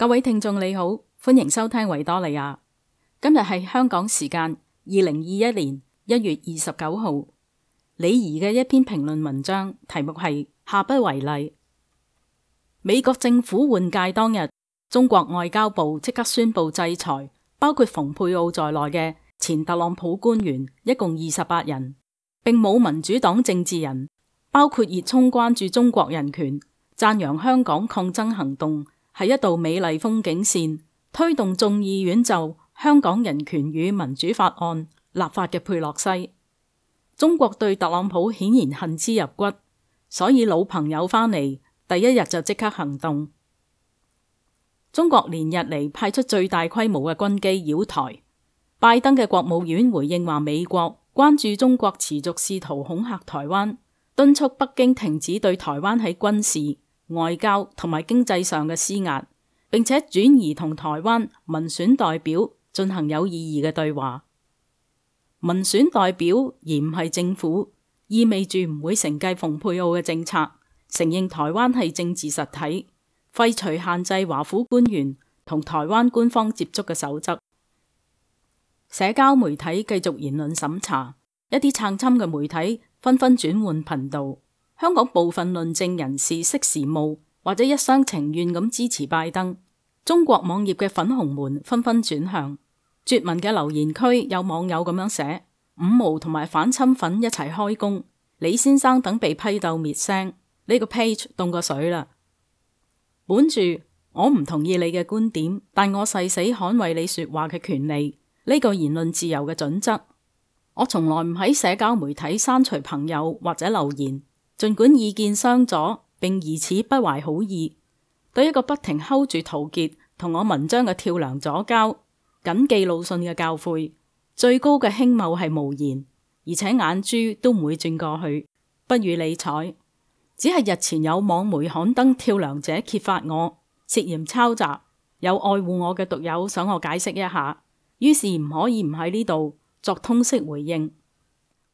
各位聽眾你好，歡迎收聽維多利亞。今日係香港時間二零二一年一月二十九號，李怡嘅一篇評論文章，題目係下不為例。美國政府換屆當日，中國外交部即刻宣布制裁包括蓬佩奧在內嘅前特朗普官員，一共二十八人，并冇民主黨政治人，包括熱衷關注中國人權、讚揚香港抗爭行動。係一道美麗風景線，推動眾議院就香港人權與民主法案立法嘅佩洛西。中國對特朗普顯然恨之入骨，所以老朋友翻嚟第一日就即刻行動。中國連日嚟派出最大規模嘅軍機擾台。拜登嘅國務院回應話，美國關注中國持續試圖恐嚇台灣，敦促北京停止對台灣喺軍事。外交同埋經濟上嘅施壓，並且轉移同台灣民選代表進行有意義嘅對話。民選代表而唔係政府，意味住唔會承繼蓬佩奧嘅政策，承認台灣係政治實體，廢除限制華府官員同台灣官方接觸嘅守則。社交媒體繼續言論審查，一啲撐侵嘅媒體紛紛轉換頻道。香港部分論政人士識時務，或者一廂情願咁支持拜登。中國網頁嘅粉紅們紛紛轉向，絕文嘅留言區有網友咁樣寫：五毛同埋反侵粉一齊開工，李先生等被批鬥滅聲呢個 page 凍過水啦。本住我唔同意你嘅觀點，但我誓死捍衛你說話嘅權利呢個言論自由嘅準則。我從來唔喺社交媒體刪除朋友或者留言。儘管意見相左，並疑似不懷好意，對一個不停 hold 住陶傑同我文章嘅跳梁左膠，謹記魯迅嘅教誨，最高嘅輕蔑係無言，而且眼珠都唔會轉過去，不予理睬。只係日前有網媒刊登跳梁者揭發我涉嫌抄襲，有愛護我嘅讀友想我解釋一下，於是唔可以唔喺呢度作通識回應。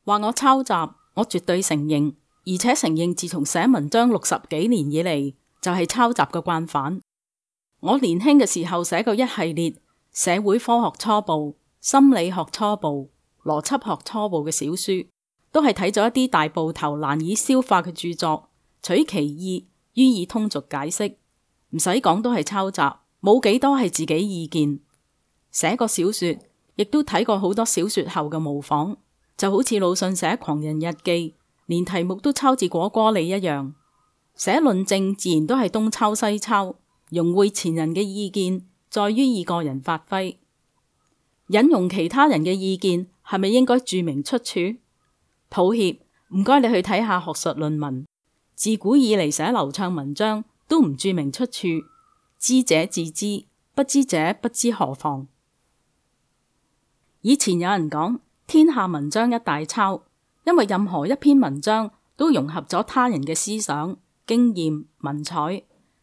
話我抄襲，我絕對承認。而且承認，自從寫文章六十幾年以嚟，就係、是、抄襲嘅慣犯。我年輕嘅時候寫過一系列社會科學初步、心理學初步、邏輯學初步嘅小書，都係睇咗一啲大部頭難以消化嘅著作，取其意，予以通俗解釋。唔使講都係抄襲，冇幾多係自己意見。寫過小說，亦都睇過好多小說後嘅模仿，就好似魯迅寫《狂人日記》。連題目都抄自果哥你一樣，寫論證自然都係東抄西抄，融匯前人嘅意見，在於以個人發揮。引用其他人嘅意見，係咪應該注明出處？抱歉，唔該你去睇下學術論文。自古以嚟寫流暢文章都唔注明出處，知者自知，不知者不知何妨。以前有人講，天下文章一大抄。因為任何一篇文章都融合咗他人嘅思想、經驗、文采，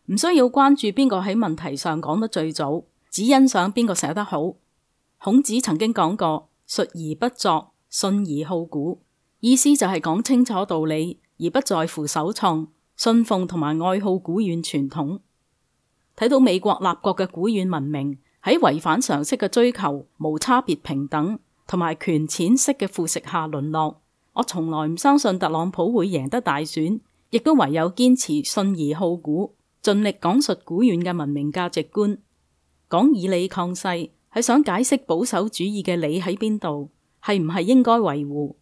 唔需要關注邊個喺問題上講得最早，只欣賞邊個寫得好。孔子曾經講過：「述而不作，信而好古」，意思就係講清楚道理而不在乎首創，信奉同埋愛好古遠傳統。睇到美國立國嘅古遠文明喺違反常識嘅追求、無差別平等同埋權錢式嘅腐蝕下淪落。我從來唔相信特朗普會贏得大選，亦都唯有堅持信而好古，盡力講述古遠嘅文明價值觀，講以理抗勢，係想解釋保守主義嘅理喺邊度，係唔係應該維護？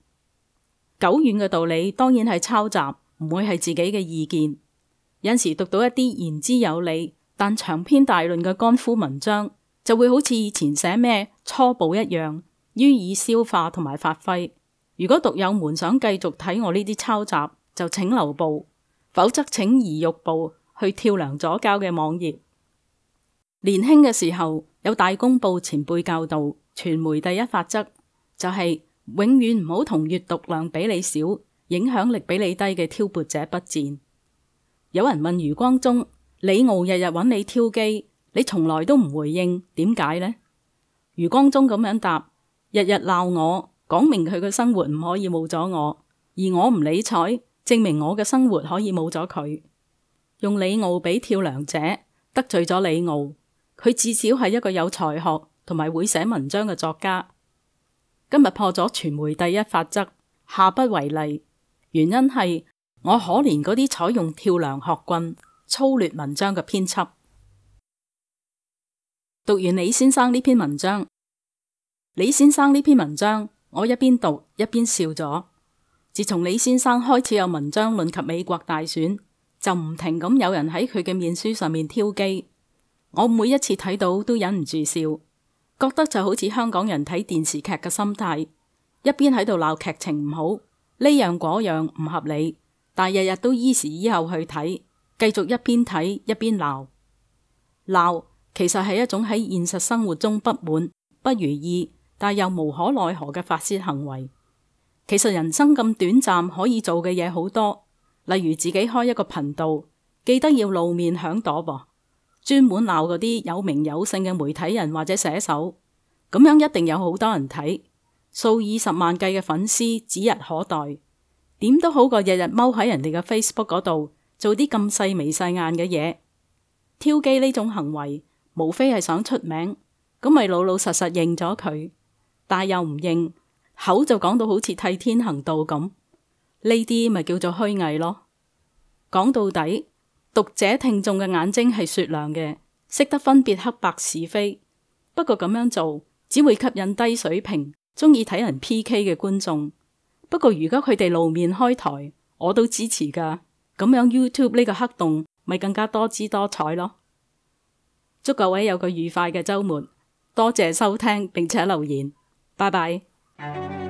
久遠嘅道理當然係抄襲，唔會係自己嘅意見。有時讀到一啲言之有理但長篇大論嘅乾枯文章，就會好似以前寫咩初步一樣，予以消化同埋發揮。如果讀友們想繼續睇我呢啲抄襲，就請留步；否則請移玉步去跳梁左膠嘅網頁。年輕嘅時候有大公報前輩教導，傳媒第一法則就係、是、永遠唔好同閱讀量比你少、影響力比你低嘅挑撥者不戰。有人問余光中，李敖日日搵你挑機，你從來都唔回應，點解呢？余光中咁樣答：日日鬧我，講明佢嘅生活唔可以冇咗我，而我唔理睬，證明我嘅生活可以冇咗佢。用李敖比跳梁者，得罪咗李敖，佢至少係一個有才學同埋會寫文章嘅作家。今日破咗傳媒第一法則，下不為例。原因係我可憐嗰啲採用跳梁學棍粗劣文章嘅編輯。讀完李先生呢篇文章，李先生呢篇文章。我一邊讀一邊笑咗。自從李先生開始有文章論及美國大選，就唔停咁有人喺佢嘅面書上面挑機。我每一次睇到都忍唔住笑，覺得就好似香港人睇電視劇嘅心態，一邊喺度鬧劇情唔好，呢樣嗰樣唔合理，但日日都依時依候去睇，繼續一邊睇一邊鬧。鬧其實係一種喺現實生活中不滿、不如意，但又無可奈何嘅發洩行為，其實人生咁短暫，可以做嘅嘢好多。例如自己開一個頻道，記得要露面響朵噃，專門鬧嗰啲有名有姓嘅媒體人或者寫手，咁樣一定有好多人睇，數以十萬計嘅粉絲指日可待。點都好過日日踎喺人哋嘅 Facebook 嗰度做啲咁細眉細眼嘅嘢。挑機呢種行為，無非係想出名，咁咪老老實實認咗佢。但又唔認，口就講到好似替天行道咁，呢啲咪叫做虛偽咯。講到底，讀者聽眾嘅眼睛係雪亮嘅，識得分別黑白是非。不過咁樣做只會吸引低水平、中意睇人 PK 嘅觀眾。不過如果佢哋露面開台，我都支持噶。咁樣 YouTube 呢個黑洞咪更加多姿多彩咯。祝各位有個愉快嘅周末，多謝收聽並且留言。拜拜。